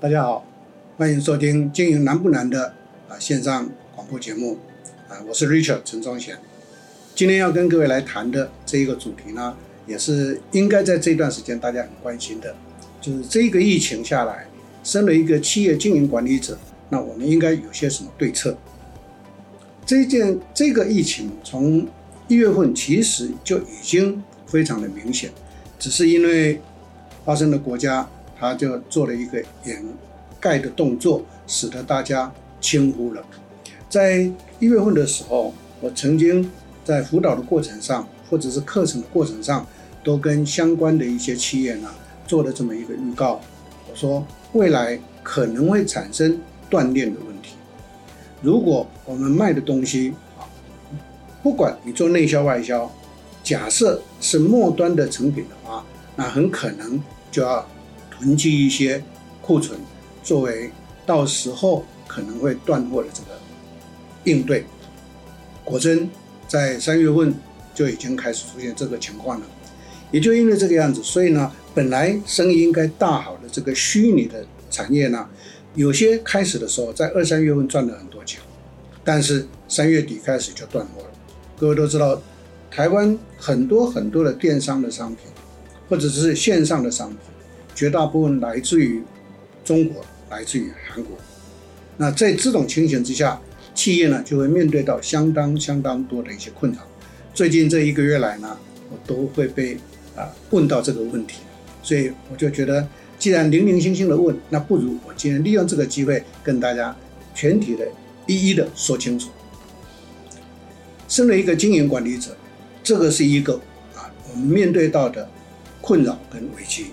大家好，歡迎收聽《經營難不難》的、呃、啊線上廣播節目，啊、呃，我是 Richard 陳宗賢。今天要跟各位來談的這一個主題呢，也是應該在這段時間大家很關心的，就是這個疫情下來，身為一個企業經營管理者，那我們應該有些什麼對策？這件這個疫情從一月份其實就已經非常的明顯，只是因為發生的國家。他就做了一個掩蓋的動作，使得大家輕忽了。在一月份的時候，我曾經在輔導的過程上，或者是課程的過程上，都跟相關的一些企業呢做了這麼一個預告。我說未來可能會產生斷鏈的問題。如果我們賣的東西啊，不管你做內銷外銷，假設是末端的成品的話，那很可能就要。囤積一些庫存，作為到時候可能會斷貨的這個應對。果真在三月份就已經開始出現這個情況了。也就因為這個樣子，所以呢，本來生意應該大好的這個虛擬的產業呢，有些開始的時候在二三月份賺了很多錢，但是三月底開始就斷貨了。各位都知道，台灣很多很多的電商的商品，或者是線上的商品。絕大部分來自於中國，來自於韓國。那在這種情形之下，企業呢就會面對到相當相當多的一些困擾。最近這一個月來呢，我都會被啊問到這個問題，所以我就覺得，既然零零星星的問，那不如我今天利用這個機會跟大家全體的一一的說清楚。身為一個經營管理者，這個是一個啊我們面對到的困擾跟危機。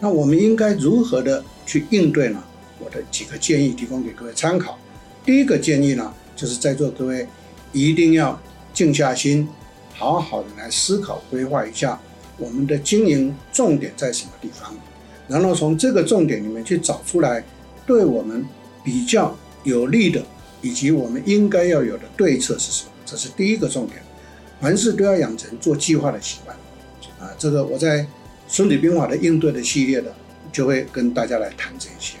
那我們應該如何的去應對呢？我的幾個建議提供給各位參考。第一個建議呢，就是在座各位一定要靜下心，好好的來思考、規劃一下我們的經營重點在什麼地方，然後從這個重點裡面去找出來對我們比較有利的，以及我們應該要有的對策是什麼。這是第一個重點。凡事都要養成做計劃的習慣。啊，這個我在。孫子兵法的應對的系列呢，就會跟大家來談這些。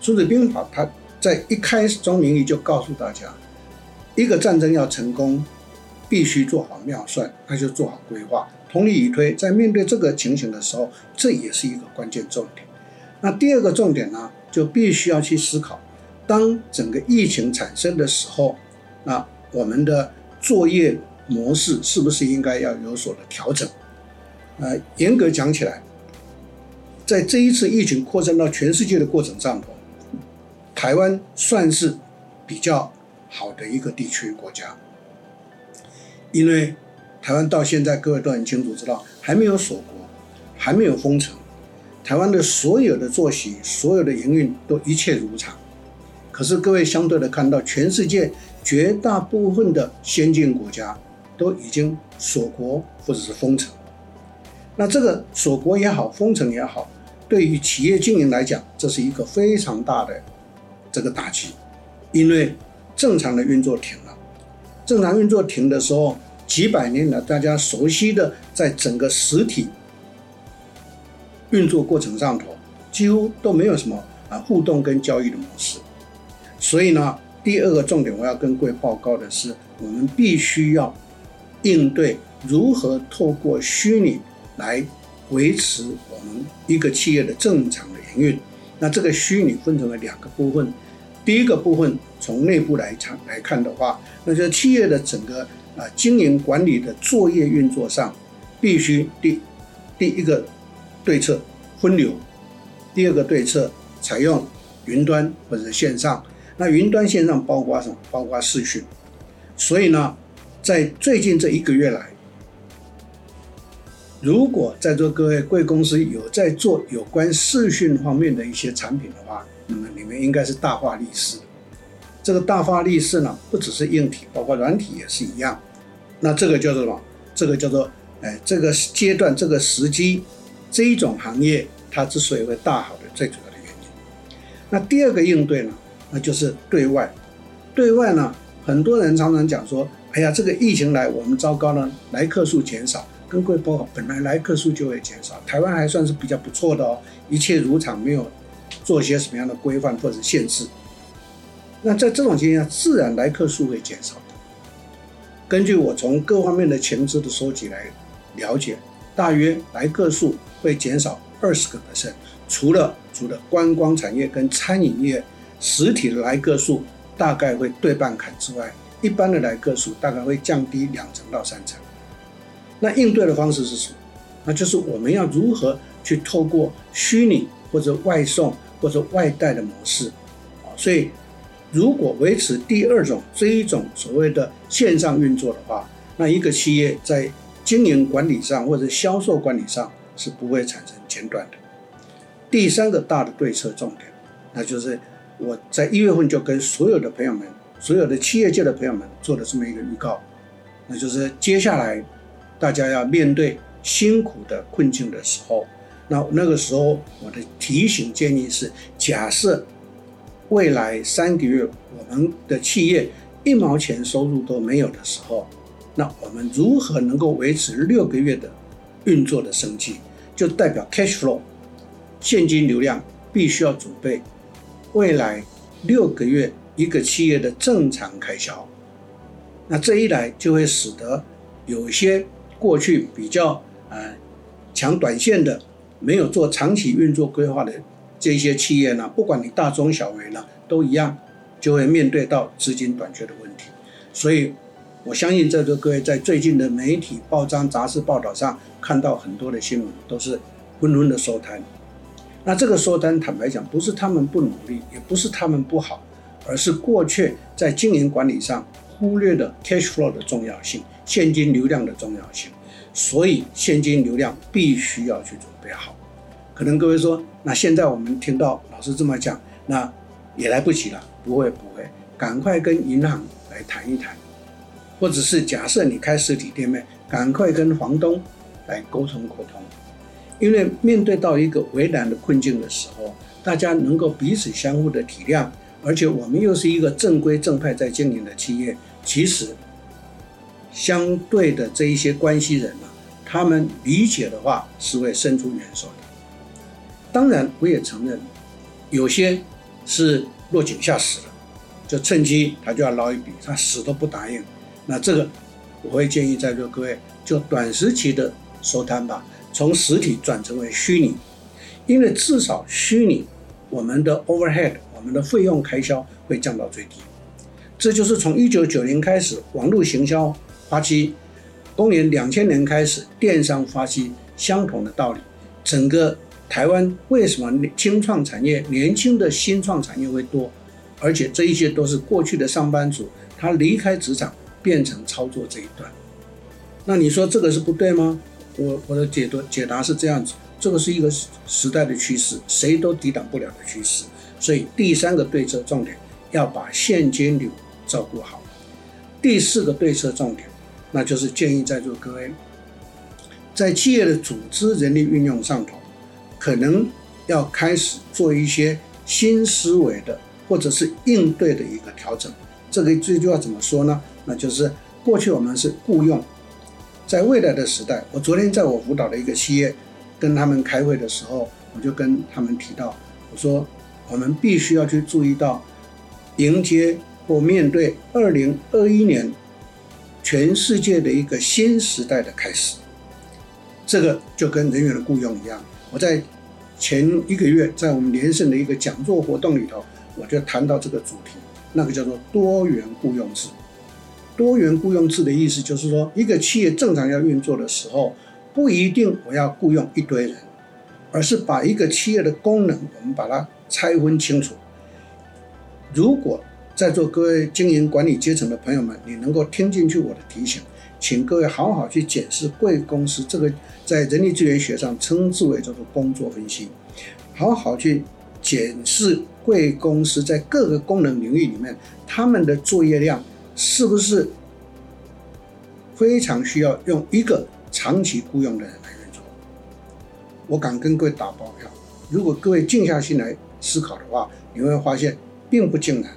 孫子兵法，他在一開始中，明義就告訴大家，一個戰爭要成功，必須做好妙算，那就做好規劃。同理以推，在面對這個情形的時候，這也是一個關鍵重點。那第二個重點呢，就必須要去思考，當整個疫情產生的時候，那我們的作業模式是不是應該要有所的調整？呃，嚴格講起來，在這一次疫情擴散到全世界的過程上，台灣算是比較好的一個地區國家，因為台灣到現在各位都很清楚知道，還沒有鎖國，還沒有封城，台灣的所有的作息、所有的營運都一切如常。可是各位相對的看到，全世界絕大部分的先進國家都已經鎖國或者是封城。那這個鎖國也好，封城也好，對於企業經營來講，這是一個非常大的這個打擊，因為正常的運作停了，啊。正常運作停的時候，幾百年來大家熟悉的，在整個實體運作過程上頭，幾乎都沒有什麼啊互動跟交易的模式。所以呢，第二個重點我要跟各位報告的是，我們必須要應對如何透過虛擬。來維持我們一個企業的正常的營運，那這個虛擬分成了兩個部分，第一個部分從內部來場來看的話，那就是企業的整個啊、呃、經營管理的作業運作上，必須第第一個對策分流，第二個對策採用雲端或者線上，那雲端線上包括什麼？包括視訊，所以呢，在最近這一個月來。如果在座各位貴公司有在做有關視訊方面的一些產品的話，那麼你們應該是大發利市。這個大發利市呢，不只是硬體，包括軟體也是一樣。那這個叫做什麼？這個叫做，哎，這個階段、這個時機，這一種行業它之所以會大好的最主要的原因。那第二個應對呢，那就是對外。對外呢，很多人常常講說，哎呀，這個疫情來，我們糟糕了，來客數減少。跟貴包，本來來客數就會減少，台灣還算是比較不錯的哦，一切如常，沒有做一些什麼樣的規範或者限制。那在這種情況下，自然來客數會減少的。根據我從各方面的前置的收集來了解，大約來客數會減少二十個 percent 除了除了觀光產業跟餐飲業，實體的來客數大概會對半砍之外，一般的來客數大概會降低兩成到三成。那應對的方式是什麼？那就是我們要如何去透過虛擬或者外送或者外帶的模式啊。所以，如果維持第二種這一種所謂的線上運作的話，那一個企業在經營管理上或者銷售管理上是不會產生間斷的。第三個大的對策重點，那就是我在一月份就跟所有的朋友們、所有的企業界的朋友們做了這麼一個預告，那就是接下來。大家要面對辛苦的困境的時候，那那個時候我的提醒建議是：假設未來三個月我們的企業一毛錢收入都沒有的時候，那我們如何能夠維持六個月的運作的生計？就代表 cash flow 現金流量必須要準備未來六個月一個企業的正常開銷。那這一來就會使得有些。過去比較呃搶短線的，沒有做長期運作規劃的這些企業呢，不管你大中小微呢，都一樣就會面對到資金短缺的問題。所以我相信在座各位在最近的媒體報章、雜志報道上看到很多的新聞，都是紛紛的收攤。那這個收單，坦白講，不是他們不努力，也不是他們不好，而是過去在經營管理上忽略了 cash flow 的重要性。現金流量的重要性，所以現金流量必須要去準備好。可能各位說，那現在我們聽到老師這麼講，那也來不及了。不會，不會，趕快跟銀行來談一談，或者是假設你開實體店面，趕快跟房東來溝通溝通。因為面對到一個危難的困境的時候，大家能夠彼此相互的體諒，而且我們又是一個正規正派在經營的企業，其實……相對的這一些關係人呢、啊，他們理解的話是會伸出援手的。當然，我也承認有些是落井下石的，就趁機他就要撈一筆，他死都不答應。那這個我會建議在座各位就短時期的收攤吧，從實體轉成為虛擬，因為至少虛擬我們的 overhead，我們的費用開銷會降到最低。這就是從一九九零開始網絡行銷。花期，公元兩千年開始，電商花期相同的道理。整個台灣為什麼新創產業、年輕的新創產業會多？而且這一些都是過去的上班族，他離開職場變成操作這一段。那你說這個是不對嗎？我我的解讀解答是這樣子：這個是一個時代的趨勢，誰都抵擋不了的趨勢。所以第三個對策重點要把現金流照顧好。第四個對策重點。那就是建議在座各位，在企業的組織人力運用上頭，可能要開始做一些新思維的或者是應對的一個調整。這個最重要怎麼說呢？那就是過去我們是僱傭，在未來的時代，我昨天在我輔導的一個企業跟他們開會的時候，我就跟他們提到，我說我們必須要去注意到迎接或面對二零二一年。全世界的一個新時代的開始，這個就跟人員的僱傭一樣。我在前一個月在我們聯聖的一個講座活動裡頭，我就談到這個主題，那個叫做多元僱傭制。多元僱傭制的意思就是說，一個企業正常要運作的時候，不一定我要僱傭一堆人，而是把一個企業的功能，我們把它拆分清楚。如果在座各位經營管理階層的朋友們，你能夠聽進去我的提醒，請各位好好去檢視貴公司這個在人力資源學上稱之為叫做工作分析，好好去檢視貴公司在各個功能領域裡面，他們的作業量是不是非常需要用一個長期雇傭的人來運作。我敢跟各位打包票，如果各位靜下心來思考的話，你會發現並不盡然。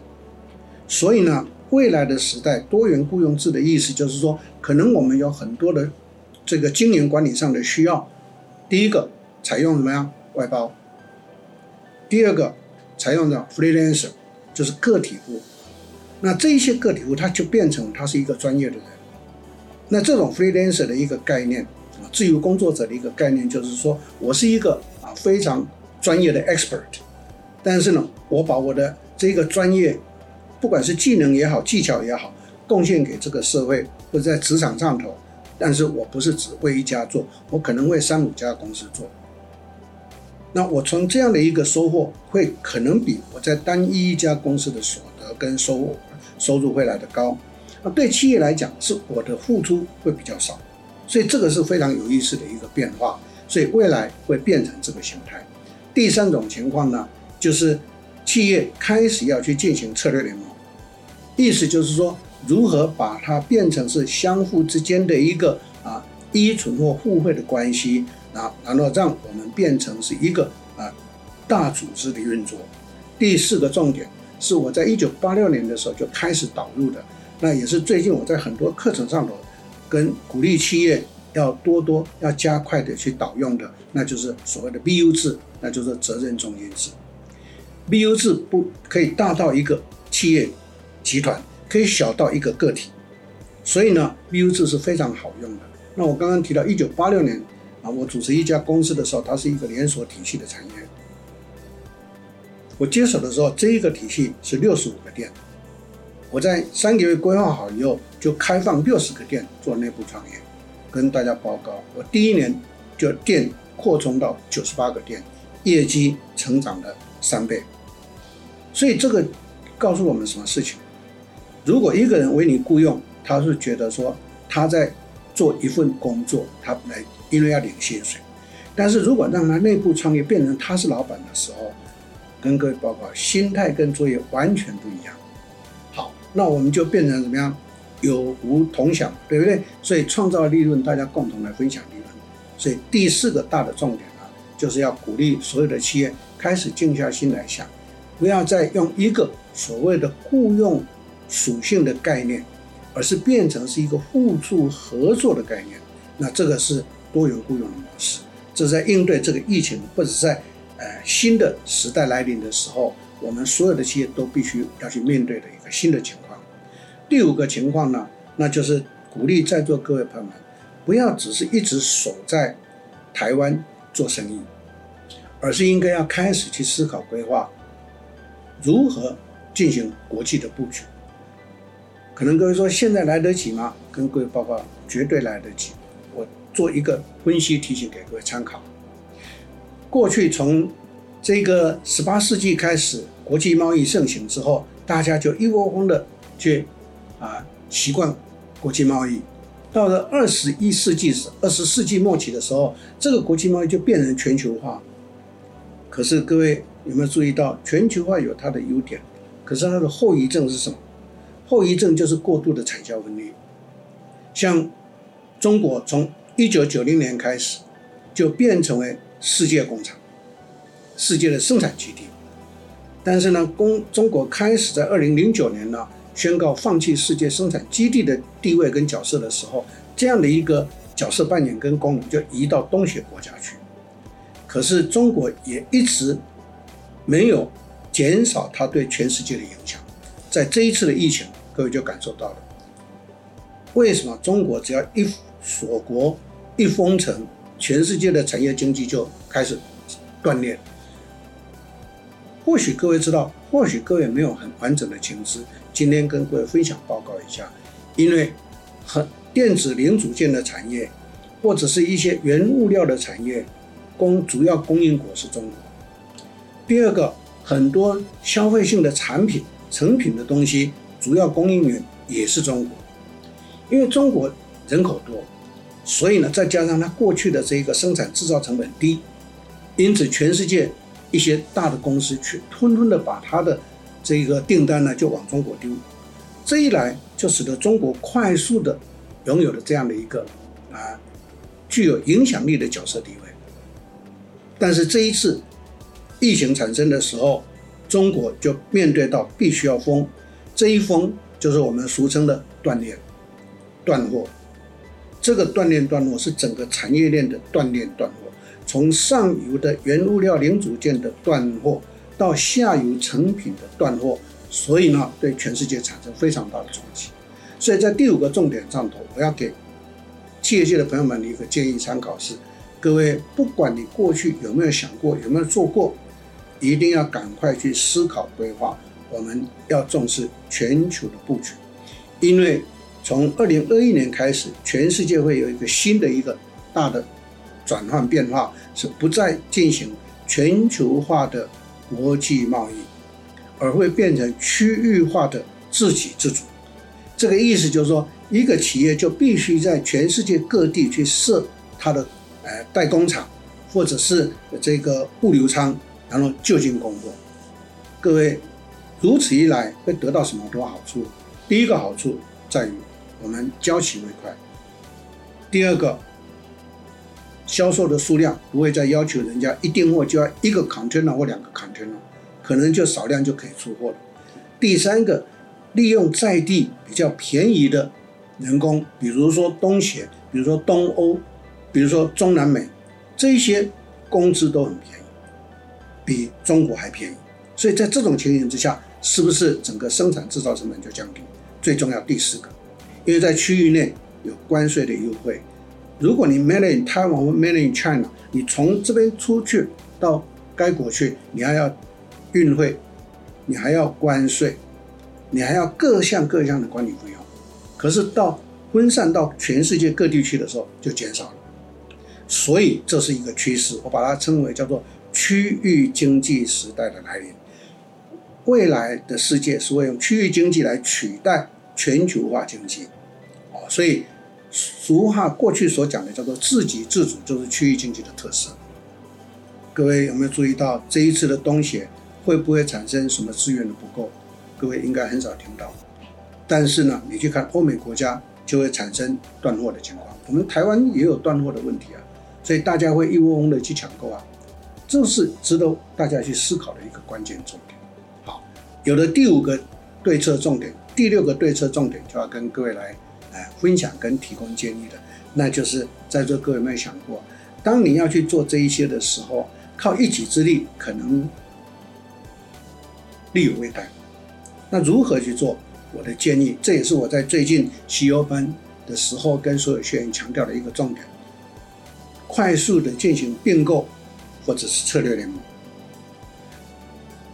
所以呢，未來的時代，多元僱傭制的意思就是說，可能我們有很多的這個經營管理上的需要。第一個，採用什麼樣外包；第二個，採用的 freelancer，就是個體戶。那這些個體戶他就變成他是一個專業的人。那這種 freelancer 的一個概念，啊，自由工作者的一個概念，就是說我是一個啊非常專業的 expert，但是呢，我把我的這個專業，不管是技能也好，技巧也好，貢獻給這個社會，或者在職場上頭，但是我不是只為一家做，我可能為三五家公司做。那我從這樣的一個收穫，會可能比我在單一一家公司的所得跟收入收入會來得高。那對企業來講，是我的付出會比較少，所以這個是非常有意思的一個變化。所以未來會變成這個形態。第三種情況呢，就是企業開始要去進行策略聯盟。意思就是說，如何把它變成是相互之間的一個啊依存或互惠的關係，那、啊、然後讓我們變成是一個啊大組織的運作。第四個重點是我在一九八六年的時候就開始導入的，那也是最近我在很多課程上頭跟鼓勵企業要多多要加快的去導用的，那就是所謂的 BU 制，那就是責任中心制。BU 制不可以大到一個企業，集團可以小到一個個體，所以呢，BU 制是非常好用的。那我剛剛提到一九八六年啊，我主持一家公司的時候，它是一個連鎖體系的產業。我接手的時候，這一個體系是六十五個店。我在三個月規劃好以後，就開放六十個店做內部創業，跟大家報告，我第一年就店擴充到九十八個店，業績成長了三倍。所以這個告訴我們什麼事情？如果一個人為你雇傭，他是覺得說他在做一份工作，他來因為要領薪水。但是如果讓他內部創業，變成他是老闆的時候，跟各位報告，心態跟作業完全不一樣。好，那我們就變成怎麼樣？有福同享，對不對？所以創造利潤，大家共同來分享利潤。所以第四個大的重點呢、啊，就是要鼓勵所有的企業開始靜下心來想，不要再用一個所謂的雇傭。屬性的概念，而是變成是一個互助合作的概念。那這個是多元雇傭的模式，這是在應對這個疫情，或者在呃新的時代來臨的時候，我們所有的企業都必須要去面對的一個新的情況。第五個情況呢，那就是鼓勵在座各位朋友們，不要只是一直守在台灣做生意，而是應該要開始去思考規劃，如何進行國際的布局。可能各位說現在來得及嗎？跟各位報告，絕對來得及。我做一個分析提醒給各位參考。過去從這個十八世紀開始，國際貿易盛行之後，大家就一窩蜂的去啊、呃、習慣國際貿易。到了二十一世紀時，二十世紀末期的時候，這個國際貿易就變成全球化。可是各位有沒有注意到，全球化有它的優點，可是它的後遺症是什麼？後遺症就是過度的產銷分離，像中國從一九九零年開始就變成為世界工廠、世界的生產基地，但是呢，中中國開始在二零零九年呢宣告放棄世界生產基地的地位跟角色的時候，這樣的一個角色扮演跟功能就移到東協國家去，可是中國也一直沒有減少它對全世界的影響，在這一次的疫情。各位就感受到了，為什麼中國只要一鎖國、一封城，全世界的產業經濟就開始斷裂？或許各位知道，或許各位沒有很完整的情資。今天跟各位分享報告一下，因為很電子零組件的產業，或者是一些原物料的產業，供主要供應國是中國。第二個，很多消費性的產品、成品的東西。主要供應源也是中國，因為中國人口多，所以呢，再加上它過去的這個生產製造成本低，因此全世界一些大的公司去吞吞的把它的這個訂單呢就往中國丟，這一來就使得中國快速的擁有了這樣的一個啊具有影響力的角色地位。但是這一次疫情產生的時候，中國就面對到必須要封。這一封就是我們俗稱的斷鏈、斷貨。這個斷鏈斷貨是整個產業鏈的斷鏈斷貨，從上游的原物料、零組件的斷貨，到下游成品的斷貨，所以呢，對全世界產生非常大的衝擊。所以在第五個重點上頭，我要給企業界的朋友們一個建議參考是：是各位，不管你過去有沒有想過、有沒有做過，一定要趕快去思考、規劃。我們要重視全球的布局，因為從二零二一年開始，全世界會有一個新的一個大的轉換變化，是不再進行全球化的國際貿易，而會變成區域化的自給自足。這個意思就是說，一個企業就必須在全世界各地去設它的呃代工廠，或者是這個物流倉，然後就近供貨。各位。如此一來，會得到什麼多好處？第一個好處在於我們交期會快；第二個，銷售的數量不會再要求人家一訂貨就要一個 container 或兩個 container，可能就少量就可以出貨了；第三個，利用在地比較便宜的人工，比如說東協，比如說東歐，比如說中南美，這些工資都很便宜，比中國還便宜。所以在這種情形之下。是不是整個生產製造成本就降低？最重要第四個，因為在區域內有關稅的優惠。如果你 made in Taiwan 或 made in China，你從這邊出去到該國去，你還要運費，你還要關稅，你還要各項各項的管理費用。可是到分散到全世界各地區的時候就減少了，所以這是一個趨勢，我把它稱為叫做區域經濟時代的來臨。未來的世界是會用區域經濟來取代全球化經濟，啊，所以俗話過去所講的叫做“自給自足”就是區域經濟的特色。各位有沒有注意到這一次的東西會不會產生什麼資源的不夠？各位應該很少聽到，但是呢，你去看歐美國家就會產生斷貨的情況，我們台灣也有斷貨的問題啊，所以大家會一窩蜂的去搶購啊，這是值得大家去思考的一個關鍵作有了第五個對策重點，第六個對策重點就要跟各位來哎、呃、分享跟提供建議的，那就是在座各位有沒有想過，當你要去做這一些的時候，靠一己之力可能力有未逮，那如何去做？我的建議，這也是我在最近 CEO 班的時候跟所有學員強調的一個重點：快速的進行併購或者是策略聯盟。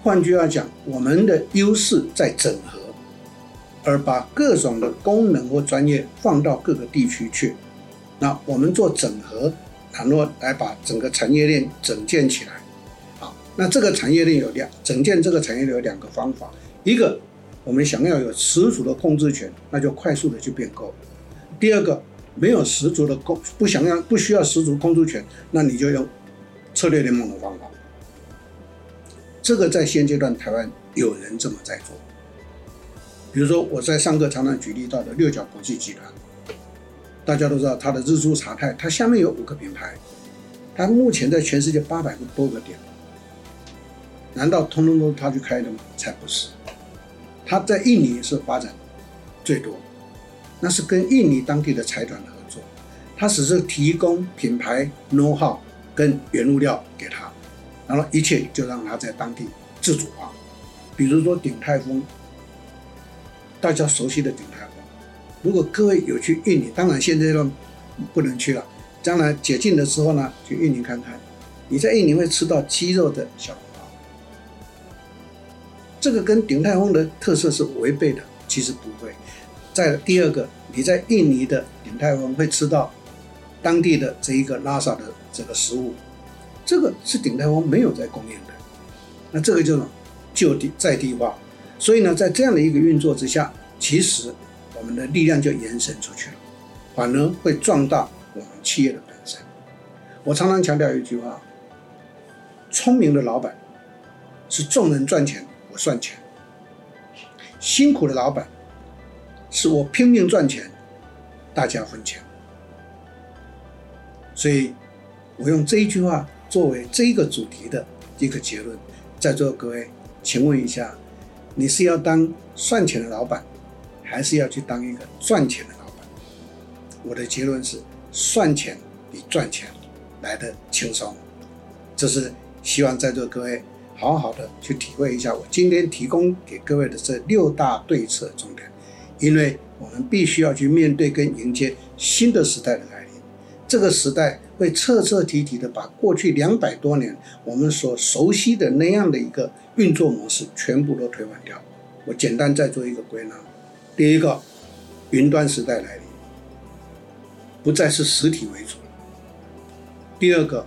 換句話講，我們的優勢在整合，而把各種的功能或專業放到各個地區去。那我們做整合，倘若來把整個產業鏈整建起來。好，那這個產業鏈有兩，整建這個產業鏈有兩個方法：一個我們想要有十足的控制權，那就快速的去併購；第二個沒有十足的控，不想要不需要十足控制權，那你就用策略聯盟的方法。這個在現階段台灣有人這麼在做，比如說我在上課常常舉例到的六角國際集團，大家都知道它的日出茶太，它下面有五個品牌，它目前在全世界八百個多個點，難道通通都他去開的嗎？才不是，他在印尼是發展最多，那是跟印尼當地的財團合作，他只是提供品牌 know how 跟原物料給他。然後一切就讓它在當地自主化啊，比如說鼎泰豐，大家熟悉的鼎泰豐，如果各位有去印尼，當然現在呢不能去了，將來解禁的時候呢去印尼看看，你在印尼會吃到雞肉的小籠包，這個跟鼎泰豐的特色是違背的，其實不會。再第二個，你在印尼的鼎泰豐會吃到當地的這一個拉薩的這個食物。這個是鼎泰豐沒有在供應的，那這個就就地在地化，所以呢，在這樣的一個運作之下，其實我們的力量就延伸出去了，反而會壯大我們企業的本身。我常常強調一句話：聰明的老闆是眾人賺錢我賺錢，辛苦的老闆是我拼命賺錢，大家分錢。所以，我用這一句話，作為這一個主題的一個結論，在座各位，請問一下，你是要當算錢的老闆，還是要去當一個賺錢的老闆？我的結論是，算錢比賺錢來得輕鬆。這是希望在座各位好好的去體會一下我今天提供給各位的這六大對策重點，因為我們必須要去面對跟迎接新的時代的來臨，這個時代。會徹徹底底的把過去兩百多年我們所熟悉的那樣的一個運作模式全部都推翻掉。我簡單再做一個歸納：第一個，雲端時代來臨，不再是實體為主；第二個，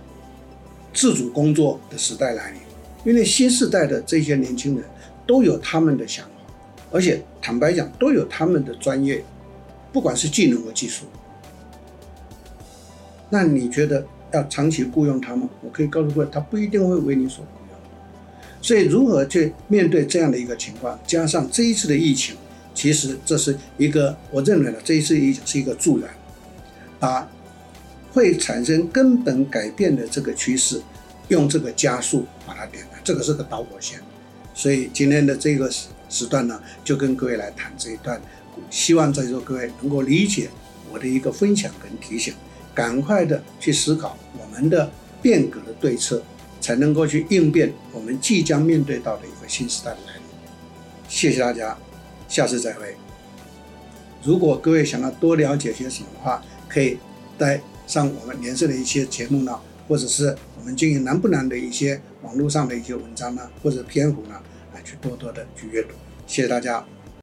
自主工作的時代來臨，因為新時代的這些年輕人都有他們的想法，而且坦白講，都有他們的專業，不管是技能和技術。那你覺得要長期雇傭他嗎？我可以告訴各位，他不一定會為你所雇傭。所以如何去面對這樣的一個情況？加上這一次的疫情，其實這是一個，我認為呢，這一次疫情是一個助燃，把會產生根本改變的這個趨勢，用這個加速把它點燃，這個是個導火線。所以今天的這個時時段呢，就跟各位來談這一段，希望在座各位能夠理解我的一個分享跟提醒。趕快的去思考我們的變革的對策，才能夠去應變我們即將面對到的一個新時代的來臨。謝謝大家，下次再會。如果各位想要多了解些什麼的話，可以帶上我們聯社的一些節目呢，或者是我們經營難不難的一些網絡上的一些文章呢，或者篇幅呢，來去多多的去閱讀。謝謝大家。